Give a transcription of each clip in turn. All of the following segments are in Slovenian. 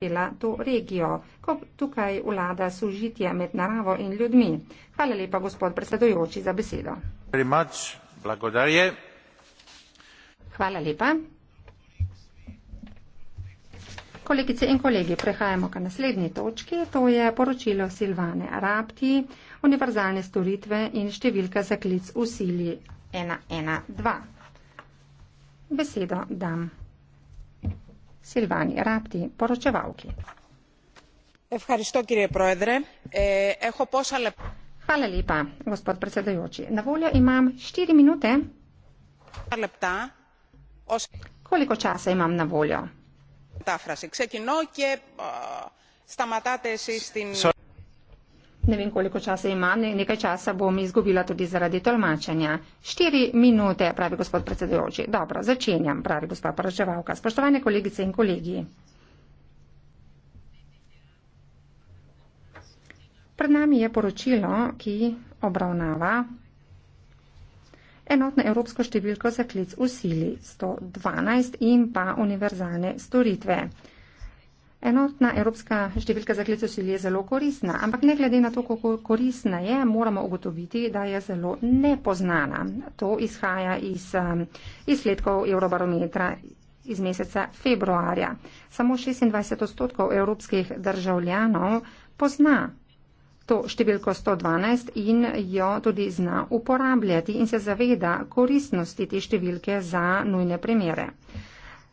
prizadela to regijo, ko tukaj vlada sožitje med naravo in ljudmi. Hvala lepa, gospod predsedujoči, za besedo. Hvala lepa. Kolegice in kolegi, prehajamo ka naslednji točki, to je poročilo Silvane Rapti, univerzalne storitve in številka za klic v sili 112. Besedo dam Silvani Rapti, poročevalki. E, Hvala lepa, gospod predsedujoči. Na voljo imam štiri minute. Koliko časa imam na voljo? Metafrasi. Ξεκινώ και uh, σταματάτε εσείς την... Sorry. Ne vem, koliko časa imam, nekaj časa bom izgubila tudi zaradi tolmačenja. Štiri minute, pravi gospod predsedujoči. Dobro, začenjam, pravi gospod poročevalka. Spoštovane kolegice in kolegi. Pred nami je poročilo, ki obravnava enotno evropsko številko za klic v sili 112 in pa univerzalne storitve. Enotna evropska številka za klicosilje je zelo koristna, ampak ne glede na to, kako koristna je, moramo ugotoviti, da je zelo nepoznana. To izhaja iz um, izsledkov Eurobarometra iz meseca februarja. Samo 26 odstotkov evropskih državljanov pozna to številko 112 in jo tudi zna uporabljati in se zaveda koristnosti te številke za nujne primere.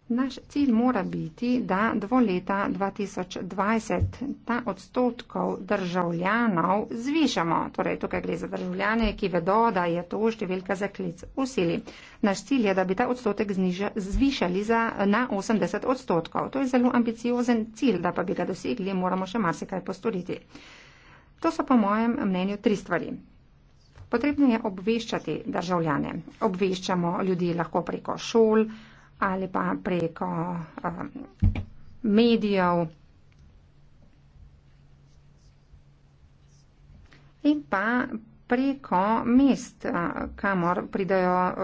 Naš cilj mora biti, da do leta 2020 ta odstotkov državljanov zvišamo. Torej, tukaj gre za državljane, ki vedo, da je to številka za klic v sili. Naš cilj je, da bi ta odstotek zniža, zvišali za, na 80 odstotkov. To je zelo ambiciozen cilj, da pa bi ga dosegli, moramo še marsikaj postoriti. To so po mojem mnenju tri stvari. Potrebno je obveščati državljane. Obveščamo ljudi lahko preko šol, ali pa preko um, medijev. In pa preko mest, uh, kamor pridajo uh,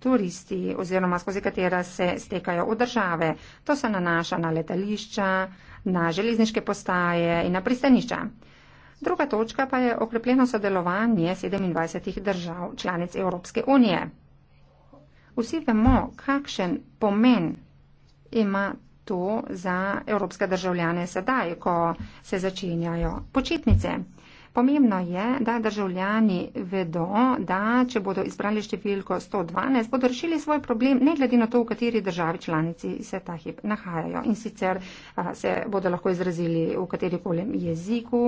turisti oziroma skozi katera se stekajo v države. To se nanaša na letališča, na železniške postaje in na pristanišča. Druga točka pa je okrepljeno sodelovanje 27 držav članic Evropske unije. Vsi vemo, kakšen pomen ima to za evropske državljane sedaj, ko se začenjajo počitnice. Pomembno je, da državljani vedo, da če bodo izbrali številko 112, bodo rešili svoj problem, ne glede na to, v kateri državi članici se ta hip nahajajo. In sicer se bodo lahko izrazili v katerikoli jeziku,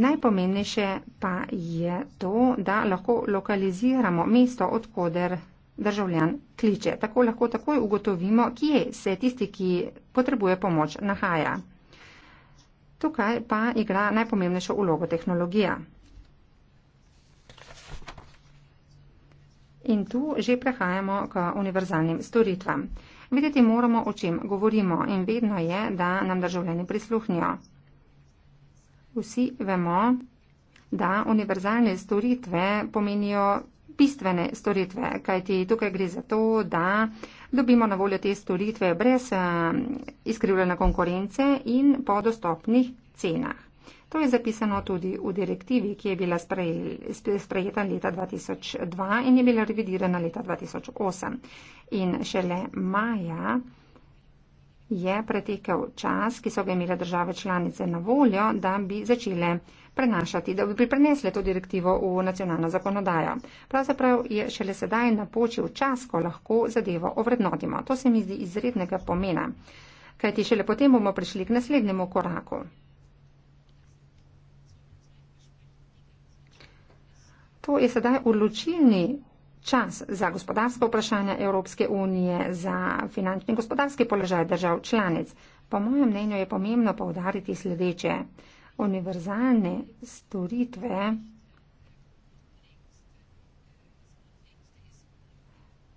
Najpomembnejše pa je to, da lahko lokaliziramo mesto, odkuder državljan kliče. Tako lahko takoj ugotovimo, kje se tisti, ki potrebuje pomoč, nahaja. Tukaj pa igra najpomembnejšo ulogo tehnologija. In tu že prehajamo k univerzalnim storitvam. Videti moramo, o čem govorimo in vedno je, da nam državljani prisluhnijo. Vsi vemo, da univerzalne storitve pomenijo bistvene storitve, kajti tukaj gre za to, da dobimo na voljo te storitve brez eh, izkrivljene konkurence in po dostopnih cenah. To je zapisano tudi v direktivi, ki je bila sprejeta leta 2002 in je bila revidirana leta 2008. In šele maja je pretekel čas, ki so ga imele države članice na voljo, da bi začele prenašati, da bi prenesle to direktivo v nacionalno zakonodajo. Pravzaprav je šele sedaj napočil čas, ko lahko zadevo ovrednotimo. To se mi zdi izrednega pomena, kajti šele potem bomo prišli k naslednjemu koraku. To je sedaj odločilni čas za gospodarska vprašanja Evropske unije, za finančni in gospodarski položaj držav članic. Po mojem mnenju je pomembno povdariti sledeče. Univerzalne storitve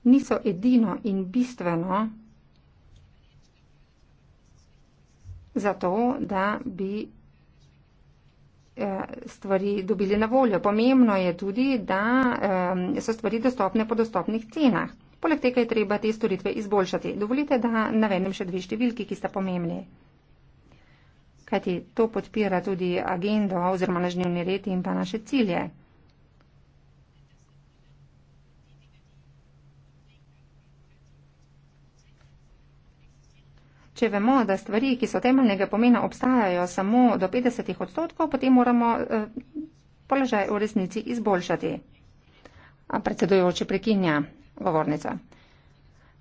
niso edino in bistveno zato, da bi Eh, stvari dobili na voljo. Pomembno je tudi, da so stvari dostopne po dostopnih cenah. Poleg tega je treba te storitve izboljšati. Dovolite, da navedem še dve številki, ki sta pomembni. Kajti to podpira tudi agendo oziroma naš dnevni red in pa naše cilje. Če vemo, da stvari, ki so temeljnega pomena, obstajajo samo do 50 odstotkov, potem moramo eh, položaj v resnici izboljšati. A predsedujoči prekinja govornica.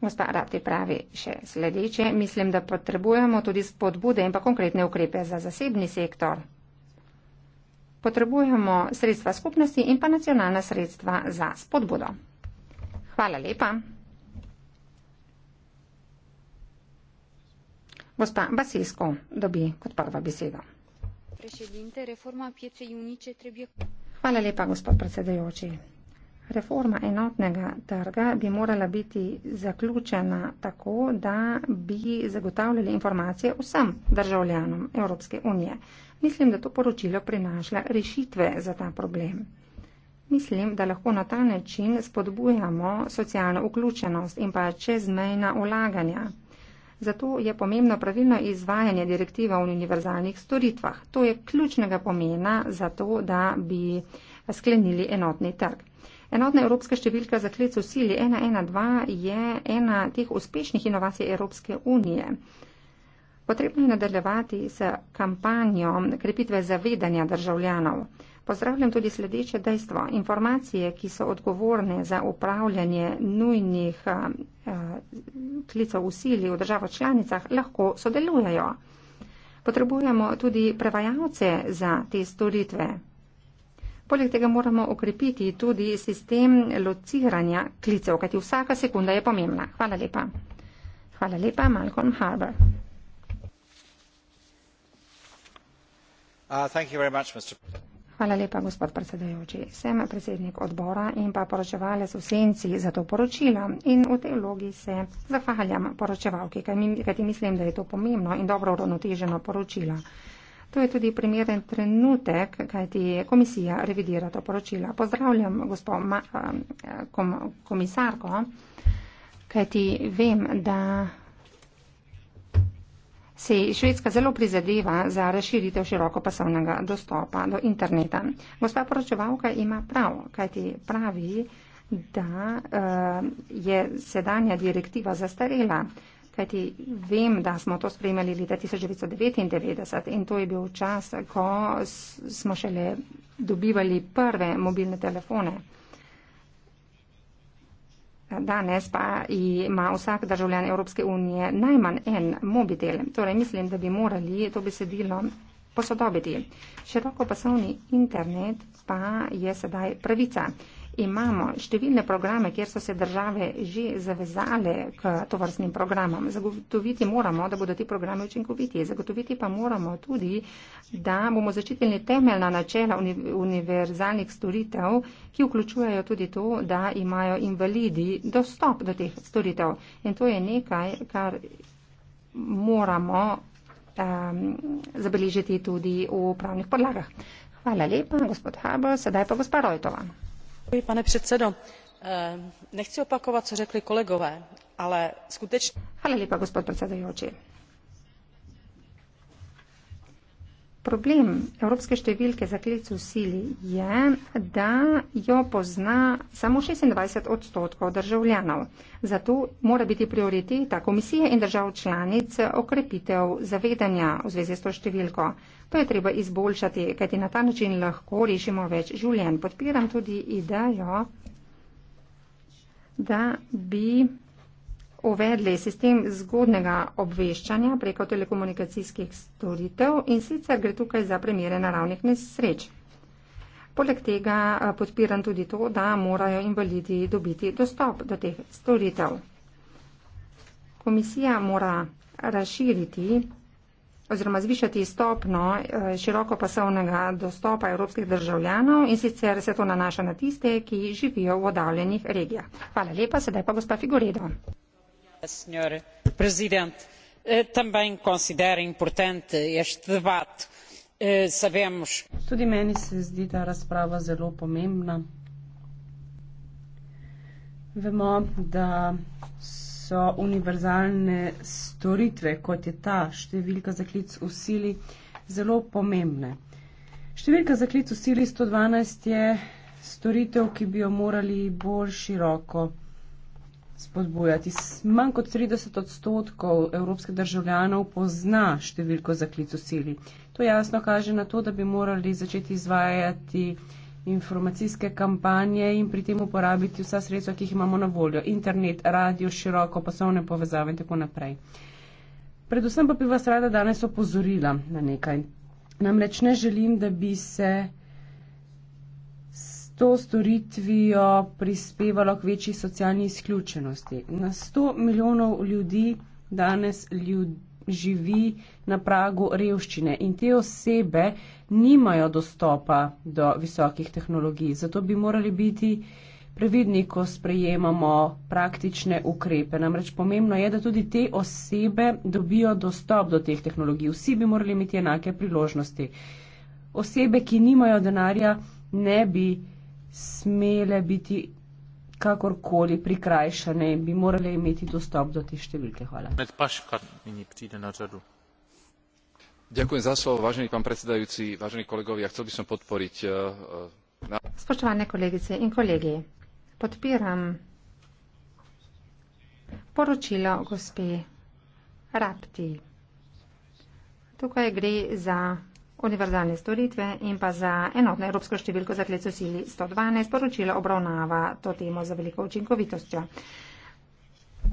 Gospa Rati pravi še sledeče, mislim, da potrebujemo tudi spodbude in pa konkretne ukrepe za zasebni sektor. Potrebujemo sredstva skupnosti in pa nacionalna sredstva za spodbudo. Hvala lepa. Gospa Basesko dobi kot prva besedo. Hvala lepa, gospod predsedajoči. Reforma enotnega trga bi morala biti zaključena tako, da bi zagotavljali informacije vsem državljanom Evropske unije. Mislim, da to poročilo prinašla rešitve za ta problem. Mislim, da lahko na ta način spodbujamo socialno vključenost in pa čezmejna ulaganja. Zato je pomembno pravilno izvajanje direktiva o univerzalnih storitvah. To je ključnega pomena za to, da bi sklenili enotni trg. Enotna evropska številka za klic v sili 112 je ena teh uspešnih inovacij Evropske unije. Potrebno je nadaljevati s kampanjo krepitve zavedanja državljanov. Pozdravljam tudi sledeče dejstvo. Informacije, ki so odgovorne za upravljanje nujnih eh, klicev v sili v državah članicah, lahko sodelujejo. Potrebujemo tudi prevajalce za te storitve. Poleg tega moramo okrepiti tudi sistem lociranja klicev, kajti vsaka sekunda je pomembna. Hvala lepa. Hvala lepa, Malcolm Harbour. Uh, thank you very much, Mr. Hvala lepa, gospod predsedajoči. Sem predsednik odbora in pa poročevalec v senci za to poročilo in v tej vlogi se zahvaljam poročevalki, kajti mislim, da je to pomembno in dobro uravnoteženo poročilo. To je tudi primeren trenutek, kajti komisija revidira to poročilo. Pozdravljam gospod Ma, eh, kom, komisarko, kajti vem, da si Švedska zelo prizadeva za razširitev širokopasovnega dostopa do interneta. Gospa poročevalka ima prav, kaj ti pravi, da uh, je sedanja direktiva zastarela. Kajti vem, da smo to sprejemali leta 1999 in to je bil čas, ko smo šele dobivali prve mobilne telefone. Danes pa ima vsak državljan Evropske unije najmanj en mobitel. Torej mislim, da bi morali to besedilo posodobiti. Široko pasovni internet pa je sedaj pravica imamo številne programe, kjer so se države že zavezale k tovrstnim programom. Zagotoviti moramo, da bodo ti programe učinkoviti. Zagotoviti pa moramo tudi, da bomo zaščitili temeljna načela univerzalnih storitev, ki vključujejo tudi to, da imajo invalidi dostop do teh storitev. In to je nekaj, kar moramo um, zabeležiti tudi v pravnih podlagah. Hvala lepa, gospod Habo, sedaj pa gospod Rojtova pane předsedající eh, nechci opakovat co řekli kolegové ale skutečně. Problem evropske številke za klic v sili je, da jo pozna samo 26 odstotkov državljanov. Zato mora biti prioriteta komisije in držav članic okrepitev zavedanja v zvezi s to številko. To je treba izboljšati, kajti na ta način lahko rešimo več življenj. Podpiram tudi idejo, da bi uvedli sistem zgodnega obveščanja preko telekomunikacijskih storitev in sicer gre tukaj za primere naravnih nesreč. Poleg tega eh, podpiram tudi to, da morajo invalidi dobiti dostop do teh storitev. Komisija mora razširiti oziroma zvišati stopno eh, širokopasovnega dostopa evropskih državljanov in sicer se to nanaša na tiste, ki živijo v oddaljenih regijah. Hvala lepa, sedaj pa gospa Figoredo senhora presidente eh, também considero importante este debate eh, sabemos tudi meni se zdi ta razprava zelo pomembna vemo da so univerzalne storitve kot je ta številka za klic v sili zelo pomembne številka za klic v sili sto dvanajst je storitev ki bi jo morali bolj široko spodbujati. Manj kot 30 odstotkov evropskih državljanov pozna številko za klic osili. To jasno kaže na to, da bi morali začeti izvajati informacijske kampanje in pri tem uporabiti vsa sredstva, ki jih imamo na voljo. Internet, radio, široko, poslovne povezave in tako naprej. Predvsem pa bi vas rada danes opozorila na nekaj. Namreč ne želim, da bi se to storitvijo prispevalo k večji socialni izključenosti. Na 100 milijonov ljudi danes ljud, živi na pragu revščine in te osebe nimajo dostopa do visokih tehnologij. Zato bi morali biti previdni, ko sprejemamo praktične ukrepe. Namreč pomembno je, da tudi te osebe dobijo dostop do teh tehnologij. Vsi bi morali imeti enake priložnosti. Osebe, ki nimajo denarja, ne bi smele biti kakorkoli prikrajšane in bi morali imeti dostop do te številke. Hvala. Ďakujem za slovo, vážený pán predsedajúci, vážení kolegovia, chcel by som podporiť... Uh, na... Spoštovane kolegice in kolegi, podpiram poročilo gospe Rapti. Tukaj gre za univerzalne storitve in pa za enotno evropsko številko za klic osili 112 poročilo obravnava to temo za veliko učinkovitostjo.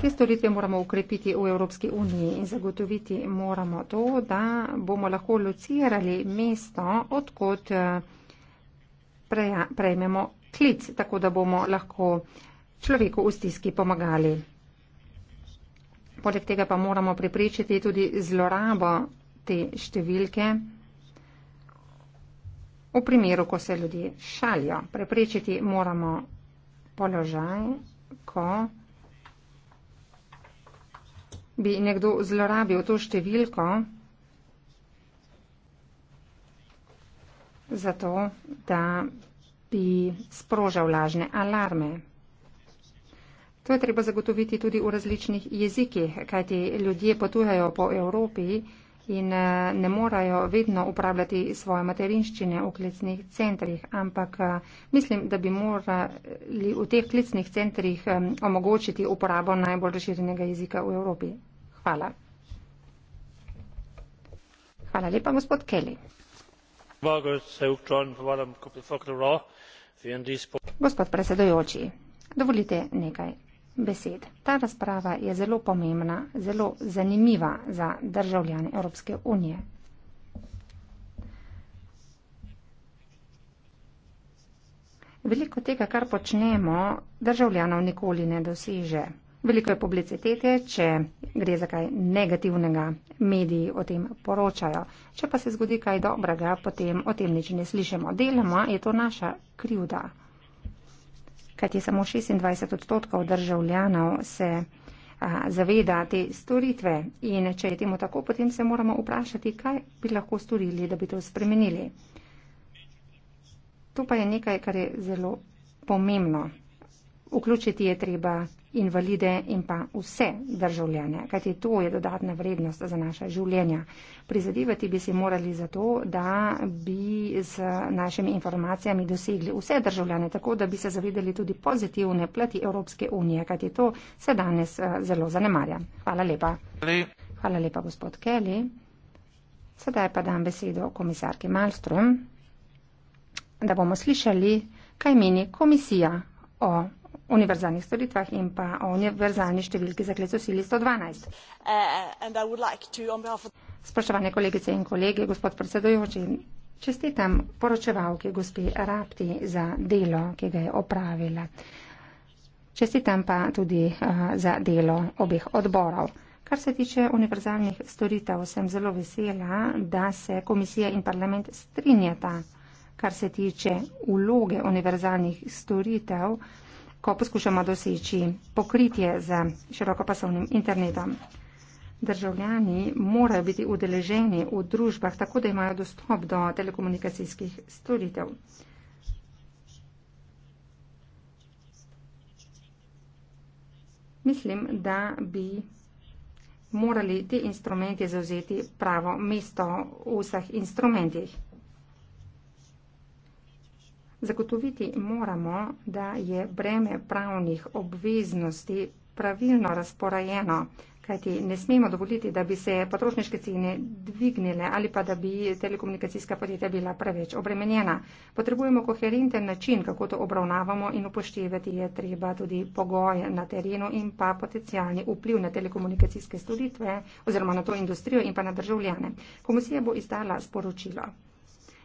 Te storitve moramo ukrepiti v Evropski uniji in zagotoviti moramo to, da bomo lahko locirali mesto, odkot eh, preja, prejmemo klic, tako da bomo lahko človeku v stiski pomagali. Poleg tega pa moramo pripričati tudi zlorabo te številke v primeru, ko se ljudje šalijo. Preprečiti moramo položaj, ko bi nekdo zlorabil to številko za to, da bi sprožal lažne alarme. To je treba zagotoviti tudi v različnih jezikih, kajti ljudje potujejo po Evropi, in eh, ne morajo vedno uporabljati svoje materinščine v klicnih centrih, ampak eh, mislim, da bi morali v teh klicnih centrih eh, omogočiti uporabo najbolj razširjenega jezika v Evropi. Hvala. Hvala lepa, gospod Kelly. Gospod predsedujoči, dovolite nekaj besed. Ta razprava je zelo pomembna, zelo zanimiva za državljane Evropske unije. Veliko tega, kar počnemo, državljanov nikoli ne doseže. Veliko je publicitete, če gre za kaj negativnega, mediji o tem poročajo. Če pa se zgodi kaj dobrega, potem o tem nič ne slišemo. Deloma je to naša krivda kajti samo 26 odstotkov državljanov se a, zaveda te storitve in če je temu tako, potem se moramo vprašati, kaj bi lahko storili, da bi to spremenili. To pa je nekaj, kar je zelo pomembno. Vključiti je treba invalide in pa vse državljane, kajti to je dodatna vrednost za naša življenja. Prizadevati bi si morali za to, da bi z našimi informacijami dosegli vse državljane, tako da bi se zavedali tudi pozitivne plati Evropske unije, kajti to se danes eh, zelo zanemarja. Hvala lepa. Hvala lepa, gospod Kelly. Sedaj pa dam besedo komisarki Malstrom, da bomo slišali, kaj meni komisija o univerzalnih storitvah in pa o univerzalni številki za klic osili 112. Uh, like Spoštovane kolegice in kolege, gospod predsedujoči, čestitam poročevalki gospi Rapti za delo, ki ga je opravila. Čestitam pa tudi uh, za delo obih odborov. Kar se tiče univerzalnih storitev, sem zelo vesela, da se komisija in parlament strinjata, kar se tiče uloge univerzalnih storitev ko poskušamo doseči pokritje z širokopasovnim internetom. Državljani morajo biti udeleženi v družbah tako, da imajo dostop do telekomunikacijskih storitev. Mislim, da bi morali ti instrumenti zauzeti pravo mesto v vseh instrumentih. Zagotoviti moramo, da je breme pravnih obveznosti pravilno razporajeno, kajti ne smemo dovoliti, da bi se potrošniške cene dvignile ali pa da bi telekomunikacijska podjetja bila preveč obremenjena. Potrebujemo koherenten način, kako to obravnavamo in upoštevati je treba tudi pogoje na terenu in pa potencijalni vpliv na telekomunikacijske storitve oziroma na to industrijo in pa na državljane. Komisija bo izdala sporočilo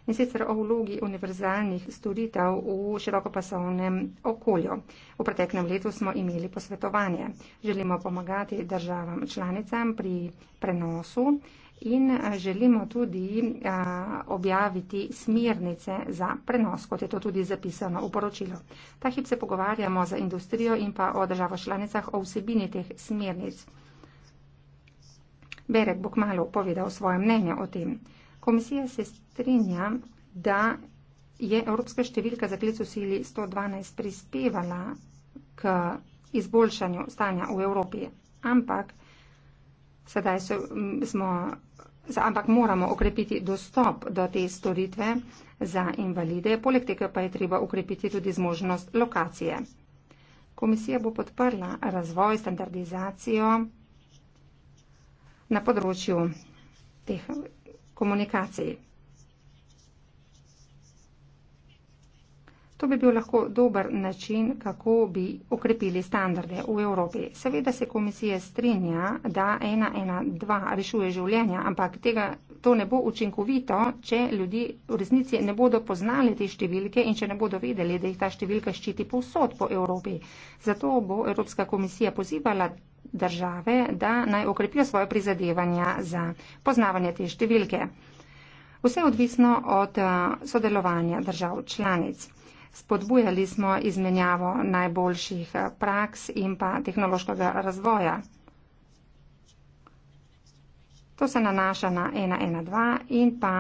in sicer o vlogi univerzalnih storitev v širokopasovnem okolju. V preteklem letu smo imeli posvetovanje. Želimo pomagati državam članicam pri prenosu in eh, želimo tudi a, eh, objaviti smernice za prenos, kot je to tudi zapisano v poročilu. Ta hip se pogovarjamo za industrijo in pa o državo članicah o vsebini teh smernic. Berek bo kmalo povedal svoje mnenje o tem. Komisija se strinja, da je evropska številka za klic v sili 112 prispevala k izboljšanju stanja v Evropi, ampak sedaj so, smo, ampak moramo okrepiti dostop do te storitve za invalide, poleg tega pa je treba okrepiti tudi zmožnost lokacije. Komisija bo podprla razvoj, standardizacijo na področju teh komunikaciji. To bi bil lahko dober način, kako bi ukrepili standarde v Evropi. Seveda se komisija strinja, da 112 rešuje življenja, ampak tega, to ne bo učinkovito, če ljudi v resnici ne bodo poznali te številke in če ne bodo vedeli, da jih ta številka ščiti povsod po Evropi. Zato bo Evropska komisija pozivala države, da naj okrepijo svoje prizadevanja za poznavanje te številke. Vse je odvisno od eh, sodelovanja držav članic. Spodbujali smo izmenjavo najboljših eh, praks in pa tehnološkega razvoja. To se nanaša na 112 in pa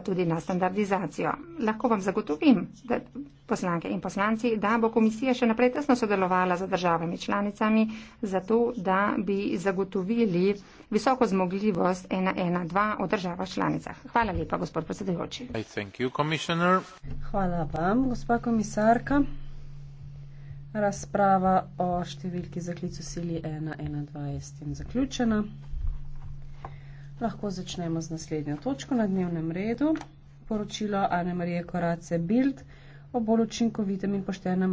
eh, tudi na standardizacijo. Lahko vam zagotovim, da, poslanke in poslanci, da bo komisija še naprej tesno sodelovala z državami članicami, zato da bi zagotovili visoko zmogljivost 112 v državah članicah. Hvala lepa, gospod predsedujoči. Hvala vam, gospa komisarka. Razprava o številki zaklicu sili 112 je s tem zaključena. Lahko začnemo z naslednjo točko na dnevnem redu. Poročilo Anne Marije Korace Bild o bolj učinkovitem in poštenem